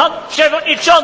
Pan przewodniczący!